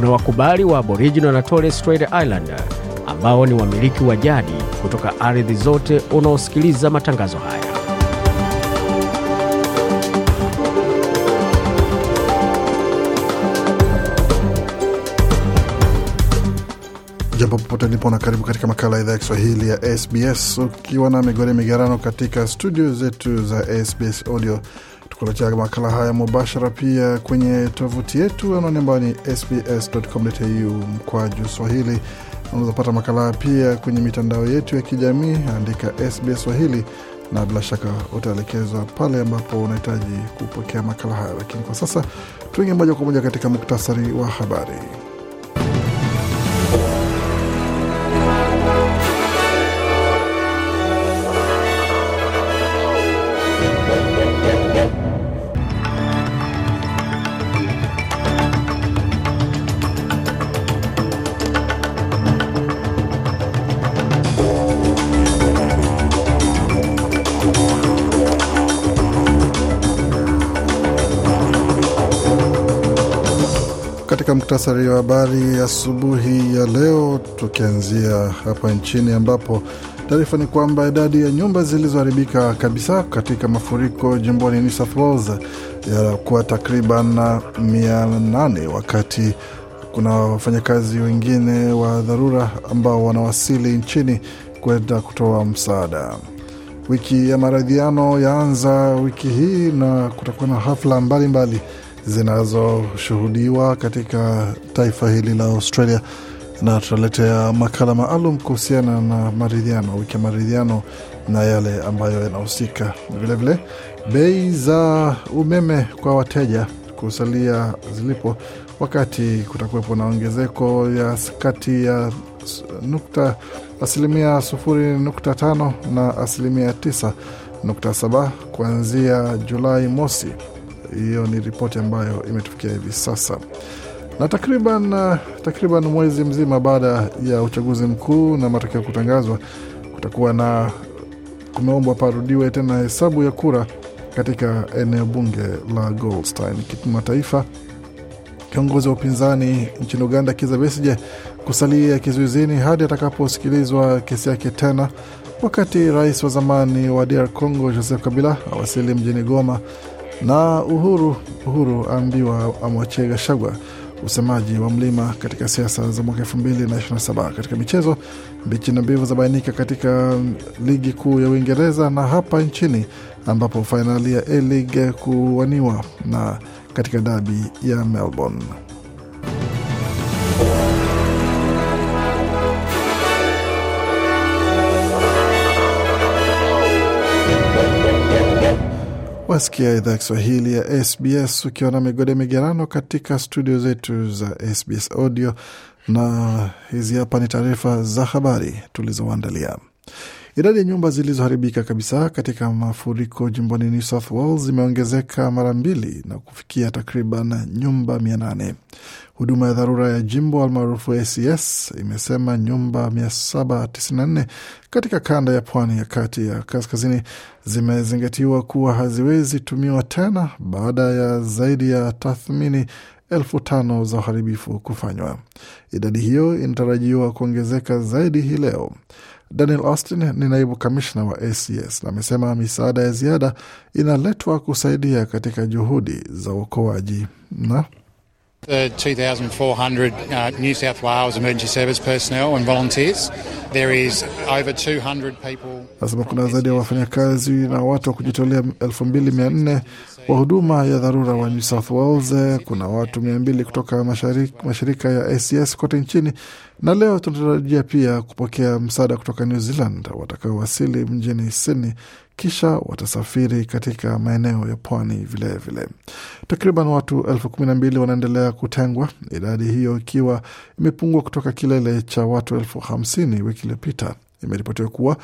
kuna wakubali wa Aboriginal na Torres Strait Islander ambao ni wamiliki wa jadi kutoka ardhi zote unaosikiliza matangazo haya. Jambo popote ulipo na karibu katika makala ya idhaa ya Kiswahili ya SBS ukiwa na migore migarano katika studio zetu za SBS Audio kuletea makala haya mubashara pia kwenye tovuti yetu anaoni ambayo ni sbs.com.au mkwaju Swahili. unazopata makala haya pia kwenye mitandao yetu ya kijamii, andika SBS Swahili na bila shaka utaelekezwa pale ambapo unahitaji kupokea makala haya. Lakini kwa sasa tuingie moja kwa moja katika muktasari wa habari. katika muktasari wa habari asubuhi ya, ya leo, tukianzia hapa nchini ambapo taarifa ni kwamba idadi ya nyumba zilizoharibika kabisa katika mafuriko jimboni New South Wales yakuwa takriban 800 wakati kuna wafanyakazi wengine wa dharura ambao wanawasili nchini kwenda kutoa msaada. Wiki ya maridhiano yaanza wiki hii na kutakuwa na hafla mbalimbali mbali zinazoshuhudiwa katika taifa hili la Australia, na tutaletea makala maalum kuhusiana na maridhiano, wiki ya maridhiano na yale ambayo yanahusika. Vilevile bei za umeme kwa wateja kusalia zilipo, wakati kutakuwepo na ongezeko ya kati ya nukta asilimia sufuri nukta tano na asilimia tisa nukta saba kuanzia Julai mosi. Hiyo ni ripoti ambayo imetufikia hivi sasa na takriban uh, takriban mwezi mzima baada ya uchaguzi mkuu na matokeo kutangazwa, kutakuwa na kumeombwa parudiwe tena hesabu ya kura katika eneo bunge la Goldstein kimataifa. Kiongozi wa upinzani nchini Uganda Kizza Besigye kusalia kizuizini hadi atakaposikilizwa kesi yake tena, wakati rais wa zamani wa DR Congo Joseph Kabila awasili mjini Goma na Uhuru Uhuru aambiwa amwachie Gashagwa usemaji wa Mlima katika siasa za mwaka saba. Katika michezo, mbichi na mbivu zabainika katika ligi kuu ya Uingereza na hapa nchini ambapo fainali ya A-League kuwaniwa na katika dabi ya Melbourne. Wasikia idhaa Kiswahili ya SBS ukiwa na migode migerano katika studio zetu za SBS Audio, na hizi hapa ni taarifa za habari tulizoandalia. Idadi ya nyumba zilizoharibika kabisa katika mafuriko jimboni New South Wales zimeongezeka mara mbili na kufikia takriban nyumba mia nane. Huduma ya dharura ya jimbo almaarufu ACS imesema nyumba 794 katika kanda ya pwani ya kati ya kaskazini zimezingatiwa kuwa haziwezi tumiwa tena baada ya zaidi ya tathmini elfu tano za uharibifu kufanywa. Idadi hiyo inatarajiwa kuongezeka zaidi hii leo. Daniel Austin ni naibu kamishna wa ACS na amesema misaada ya ziada inaletwa kusaidia katika juhudi za uokoaji na The 2,400 uh, New South Wales emergency service personnel and volunteers. There is over 200 people. Nasema kuna zaidi ya wafanyakazi na watu wa kujitolea 2,400 wa huduma ya dharura wa New South Wales. Eh, kuna watu mia mbili kutoka mashirika, mashirika ya ACS kote nchini, na leo tunatarajia pia kupokea msaada kutoka New Zealand watakaowasili mjini Sydney, kisha watasafiri katika maeneo ya pwani vilevile. Takriban watu elfu kumi na mbili wanaendelea kutengwa, idadi hiyo ikiwa imepungua kutoka kilele cha watu elfu hamsini wiki iliyopita. Imeripotiwa kuwa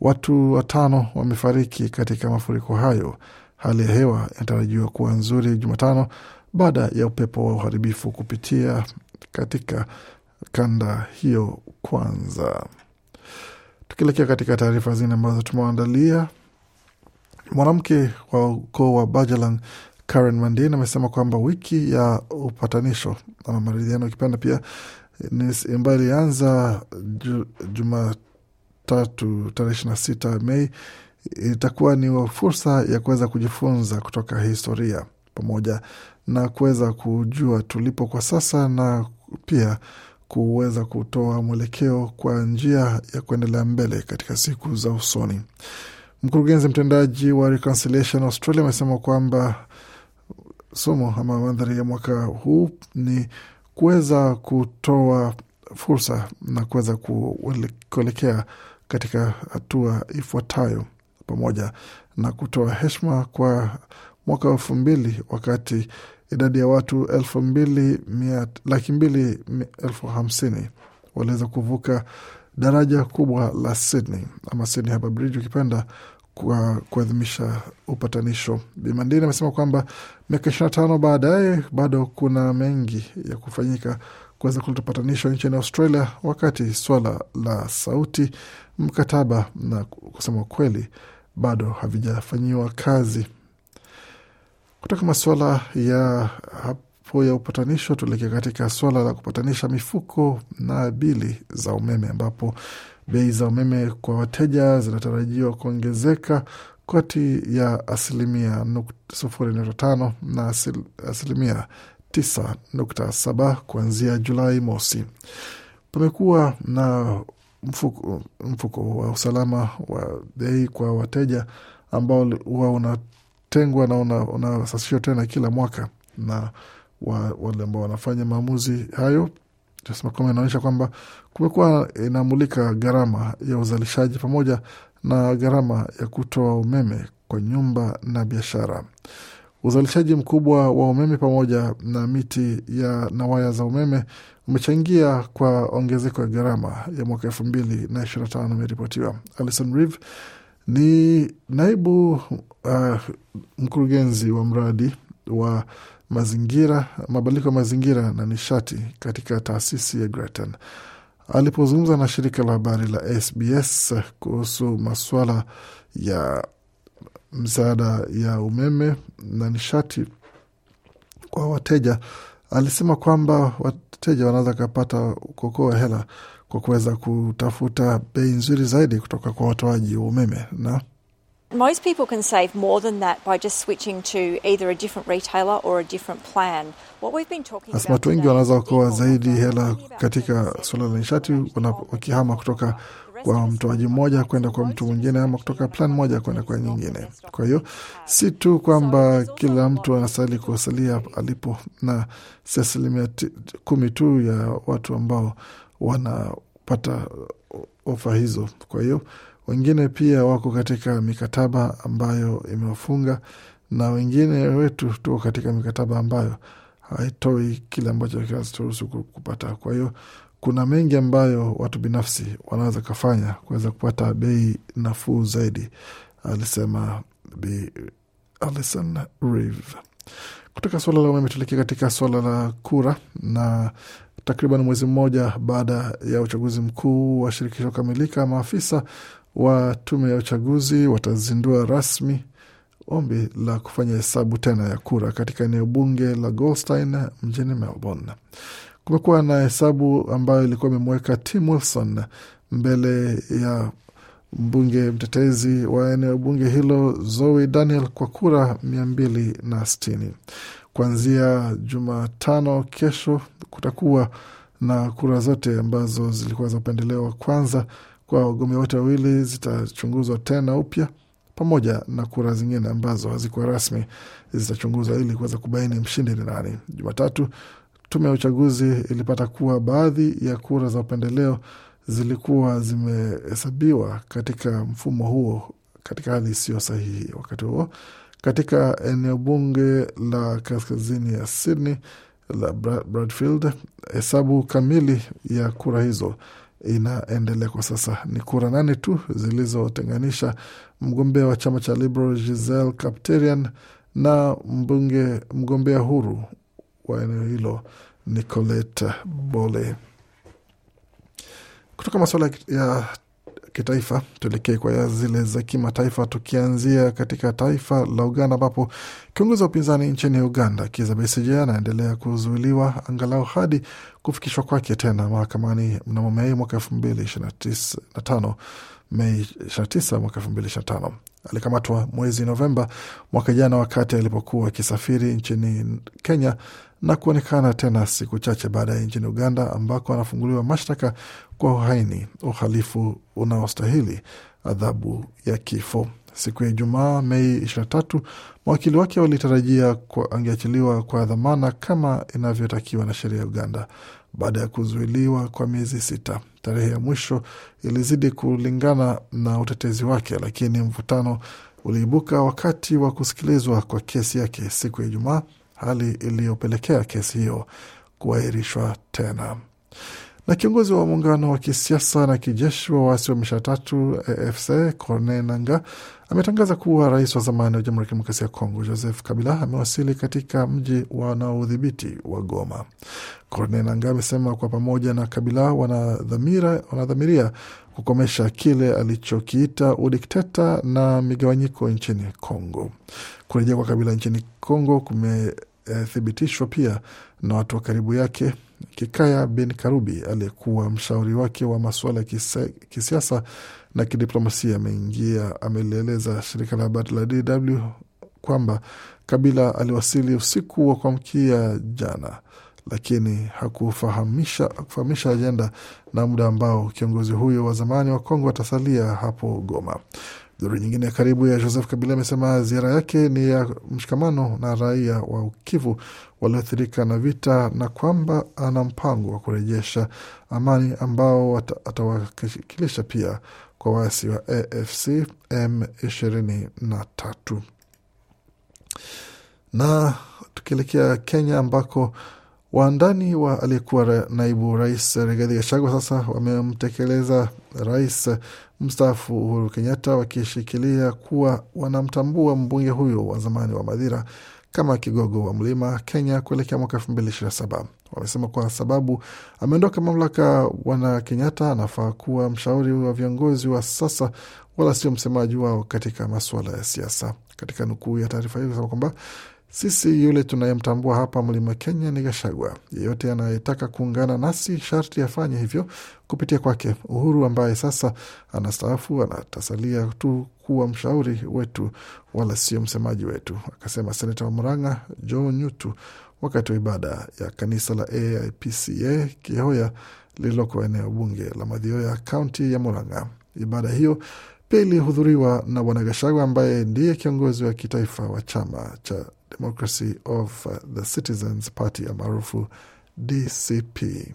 watu watano wamefariki katika mafuriko hayo. Hali ya hewa inatarajiwa kuwa nzuri Jumatano baada ya upepo wa uharibifu kupitia katika kanda hiyo kwanza. Tukielekea katika taarifa zingine ambazo tumewaandalia, mwanamke wa ukoo wa Bajalan Karen Mandin amesema kwamba wiki ya upatanisho ama maridhiano ikipenda pia ambayo ilianza Jumatatu tarehe ishirini na sita Mei itakuwa ni fursa ya kuweza kujifunza kutoka historia pamoja na kuweza kujua tulipo kwa sasa na pia kuweza kutoa mwelekeo kwa njia ya kuendelea mbele katika siku za usoni. Mkurugenzi mtendaji wa Reconciliation Australia amesema kwamba somo ama mandhari ya mwaka huu ni kuweza kutoa fursa na kuweza kuelekea katika hatua ifuatayo pamoja na kutoa heshima kwa mwaka wa elfu mbili wakati idadi ya watu elfu mbili laki mbili elfu hamsini waliweza kuvuka daraja kubwa la Sydney ama Sydney Harbour Bridge ukipenda kwa kuadhimisha upatanisho. Bimandini amesema kwamba miaka ishirini na tano baadaye bado kuna mengi ya kufanyika kuweza kuleta upatanisho nchini Australia, wakati swala la sauti, mkataba na kusema kweli bado havijafanyiwa kazi. Kutoka masuala ya hapo ya upatanisho, tuelekea katika suala la kupatanisha mifuko na bili za umeme, ambapo bei za umeme kwa wateja zinatarajiwa kuongezeka kati ya asilimia sufuri nukta tano na asil, asilimia tisa nukta saba kuanzia Julai mosi. Pamekuwa na mfuko, mfuko wa usalama wa bei kwa wateja ambao huwa unatengwa na unasasishwa una tena kila mwaka na wa, wale ambao wanafanya maamuzi hayo kwamba inaonyesha kwamba kumekuwa inamulika gharama ya uzalishaji pamoja na gharama ya kutoa umeme kwa nyumba na biashara. Uzalishaji mkubwa wa umeme pamoja na miti ya na waya za umeme umechangia kwa ongezeko ya gharama ya mwaka elfu mbili na ishirini na tano imeripotiwa. Alison Reeve ni naibu uh, mkurugenzi wa mradi wa mazingira mabadiliko ya mazingira na nishati katika taasisi ya Grattan. Alipozungumza na shirika la habari la SBS kuhusu masuala ya msaada ya umeme na nishati kwa wateja. Alisema kwamba wateja wanaweza kapata kuokoa hela kwa kuweza kutafuta bei nzuri zaidi kutoka kwa watoaji wa umeme na Most people can save more than that by just switching to either a different retailer or a different plan. What we've been talking about. Watu wengi wanaweza kuokoa zaidi hela katika suala la nishati wakihama kutoka kwa mtoaji mmoja kwenda kwa mtu mwingine, ama kutoka plan moja kwenda kwa nyingine. Kwa hiyo si tu kwamba kila mtu anastahili kuwasalia alipo, na si asilimia kumi tu ya watu ambao wanapata ofa hizo. Kwa hiyo wengine pia wako katika mikataba ambayo imewafunga, na wengine wetu tuko katika mikataba ambayo haitoi kile ambacho kinaturuhusu kupata. Kwa hiyo kuna mengi ambayo watu binafsi wanaweza kafanya kuweza kupata bei nafuu zaidi, alisema b Alison Reeve. Kutoka suala la umeme tuelekea katika suala la kura na takriban mwezi mmoja baada ya uchaguzi mkuu wa shirikisho kukamilika, maafisa wa tume ya uchaguzi watazindua rasmi ombi la kufanya hesabu tena ya kura katika eneo bunge la Goldstein mjini Melbourne. Kumekuwa na hesabu ambayo ilikuwa imemweka Tim Wilson mbele ya mbunge mtetezi wa eneo bunge hilo Zoe Daniel kwa kura mia mbili na sitini. Kuanzia Jumatano kesho kutakuwa na kura zote ambazo zilikuwa za upendeleo wa kwanza kwa wagombea wote wawili zitachunguzwa tena upya pamoja na kura zingine ambazo hazikuwa rasmi zitachunguzwa ili kuweza kubaini mshindi ni nani. Jumatatu Tume ya uchaguzi ilipata kuwa baadhi ya kura za upendeleo zilikuwa zimehesabiwa katika mfumo huo katika hali isiyo sahihi. Wakati huo katika eneo bunge la kaskazini ya Sydney la Bradfield, hesabu kamili ya kura hizo inaendelea kwa sasa. Ni kura nane tu zilizotenganisha mgombea wa chama cha Liberal Giselle Capterian na mbunge mgombea huru wa eneo hilo Nicoleta Bole. Kutoka masuala ya kitaifa tuelekee kwa zile za kimataifa, tukianzia katika taifa la Uganda ambapo kiongozi wa upinzani nchini Uganda Kizza Besigye anaendelea kuzuiliwa angalau hadi kufikishwa kwake tena mahakamani mnamo Mei mwaka elfu mbili ishirini na tano Mei ishirini tisa mwaka elfu mbili tano. Alikamatwa mwezi Novemba mwaka jana wakati alipokuwa akisafiri nchini Kenya na kuonekana tena siku chache baadaye nchini Uganda ambako anafunguliwa mashtaka kwa uhaini, uhalifu unaostahili adhabu ya kifo. Siku ya Ijumaa, Mei 23, mawakili wake walitarajia angeachiliwa kwa dhamana kama inavyotakiwa na sheria ya Uganda baada ya kuzuiliwa kwa miezi sita. Tarehe ya mwisho ilizidi kulingana na utetezi wake, lakini mvutano uliibuka wakati wa kusikilizwa kwa kesi yake siku ya Ijumaa, hali iliyopelekea kesi hiyo kuahirishwa tena. Na kiongozi wa muungano wa kisiasa na kijeshi wa waasi wa misha tatu AFC Corne nanga ametangaza kuwa rais wa zamani wa Jamhuri ya Kidemokrasia ya Kongo Joseph Kabila amewasili katika mji wanaodhibiti wa Goma. corne nanga amesema kwa pamoja na Kabila wanadhamiria wana kukomesha kile alichokiita udikteta na migawanyiko nchini Kongo. Kurejea kwa Kabila nchini Kongo kumethibitishwa pia na watu wa karibu yake Kikaya bin Karubi aliyekuwa mshauri wake wa masuala ya kisiasa na kidiplomasia ameingia amelieleza shirika la habari la DW kwamba Kabila aliwasili usiku wa kuamkia jana, lakini hakufahamisha hakufahamisha ajenda na muda ambao kiongozi huyo wa zamani wa Kongo atasalia hapo Goma. Duru nyingine ya karibu ya Joseph Kabila amesema ziara yake ni ya mshikamano na raia wa ukivu walioathirika na vita na kwamba ana mpango wa kurejesha amani ambao atawakilisha pia kwa waasi wa AFC M23. Na tukielekea Kenya ambako Waandani wa aliyekuwa naibu rais Rigathi Gachagua sasa wamemtekeleza rais mstaafu Uhuru Kenyatta, wakishikilia kuwa wanamtambua mbunge huyo wa zamani wa Madhira kama kigogo wa mlima Kenya kuelekea mwaka elfu mbili ishirini na saba. Wamesema kwa sababu ameondoka mamlaka, Bwana Kenyatta anafaa kuwa mshauri wa viongozi wa sasa, wala sio msemaji wao katika masuala ya siasa. Katika nukuu ya taarifa hiyo, kusema kwamba sisi yule tunayemtambua hapa mlima Kenya ni Gashagwa. Yeyote anayetaka kuungana nasi sharti afanye hivyo kupitia kwake. Uhuru ambaye sasa anastaafu, anatasalia tu kuwa mshauri wetu, wala sio msemaji wetu, akasema seneta wa Murang'a Jo Nyutu wakati wa ibada ya kanisa la AIPCA Kihoya lililoko eneo bunge la Madhioya, kaunti ya Murang'a. Ibada hiyo pia ilihudhuriwa na Bwana Gashagwa ambaye ndiye kiongozi wa kitaifa wa chama cha Democracy of uh, the Citizens Party ya maarufu DCP.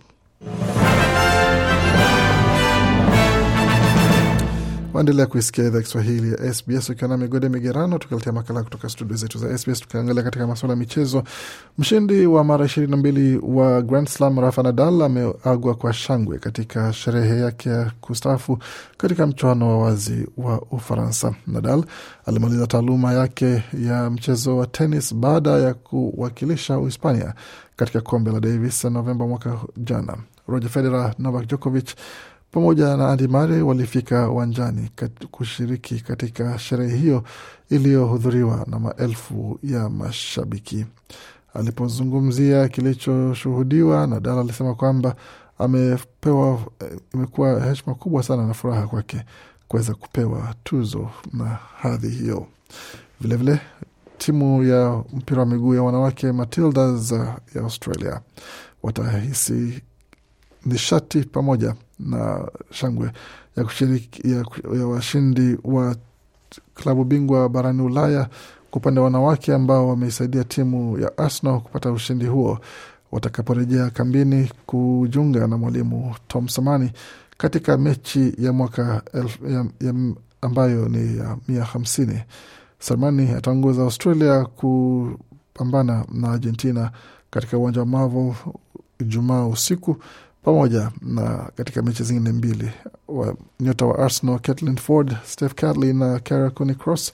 Waendelea kuisikia idhaa Kiswahili ya SBS ukiwa na migode migerano, tukiletea makala kutoka studio zetu za SBS, tukiangalia katika masuala ya michezo. Mshindi wa mara ishirini na mbili wa Grand Slam Rafa Nadal ameagwa kwa shangwe katika sherehe yake ya kustaafu katika mchuano wa wazi wa Ufaransa. Nadal alimaliza taaluma yake ya mchezo wa tenis baada ya kuwakilisha Uhispania katika kombe la Davis Novemba mwaka jana. Roger Federer, Novak Djokovic pamoja na Andy Murray walifika uwanjani kat kushiriki katika sherehe hiyo iliyohudhuriwa na maelfu ya mashabiki. Alipozungumzia kilichoshuhudiwa, Nadal alisema kwamba amepewa, eh, imekuwa heshima kubwa sana na furaha kwake kuweza kupewa tuzo na hadhi hiyo. Vilevile vile, timu ya mpira wa miguu ya wanawake Matildas ya Australia watahisi nishati pamoja na shangwe ya kushiriki ya, ya washindi wa klabu bingwa barani Ulaya kwa upande wa wanawake ambao wameisaidia timu ya Arsenal kupata ushindi huo watakaporejea kambini kujunga na mwalimu Tom Samani katika mechi ya mwaka elf, ya, ya ambayo ni ya mia hamsini. Samani ataongoza Australia kupambana na Argentina katika uwanja wa Marvel Ijumaa usiku pamoja na katika mechi zingine mbili wa nyota wa Arsenal Caitlin Ford, Steph Curley na Kara Cooney Cross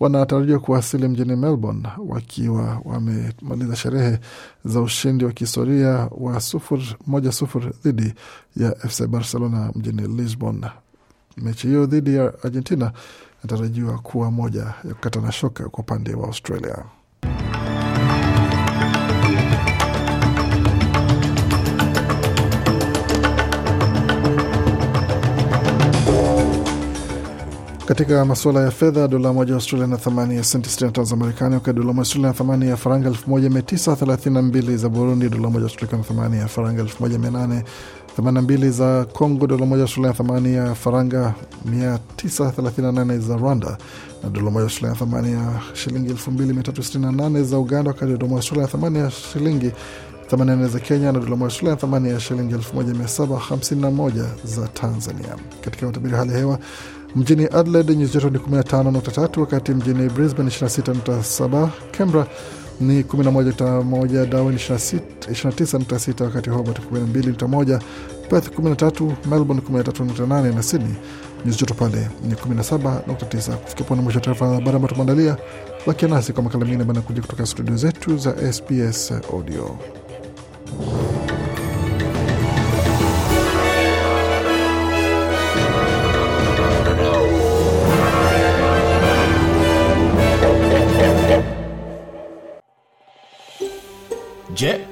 wanatarajiwa kuwasili mjini Melbourne wakiwa wamemaliza sherehe za ushindi wa kihistoria wa sufur moja sufur dhidi ya FC Barcelona mjini Lisbon. Mechi hiyo dhidi ya Argentina inatarajiwa kuwa moja ya kukata na shoka kwa upande wa Australia. Katika masuala ya fedha, dola moja ya Australia na thamani ya senti 65 za Marekani, wakati dola moja ya Australia na thamani ya faranga 1932 za Burundi, dola moja ya Australia na thamani ya faranga 1882 za Congo, dola moja Australia na thamani ya faranga 938 za Rwanda na dola moja Australia na thamani ya shilingi 2368 za Uganda, wakati dola moja Australia na thamani ya shilingi 84 za Kenya na dola moja shule ya thamani ya shilingi 1751 za Tanzania. Katika utabiri hali ya hewa Mjini Adelaide nyuzi joto ni 15.3, wakati mjini Brisbane 26.7, Canberra ni 11.1, Darwin 29.6, wakati Hobart 12.1, Perth 13, Melbourne 13.8 na Sydney nyuzi joto pale ni 17.9. Kufikia pona mwisho taarifa habari ambayo tumeandalia, bakia nasi kwa makala mengine banakuja kutoka studio zetu za SBS Audio.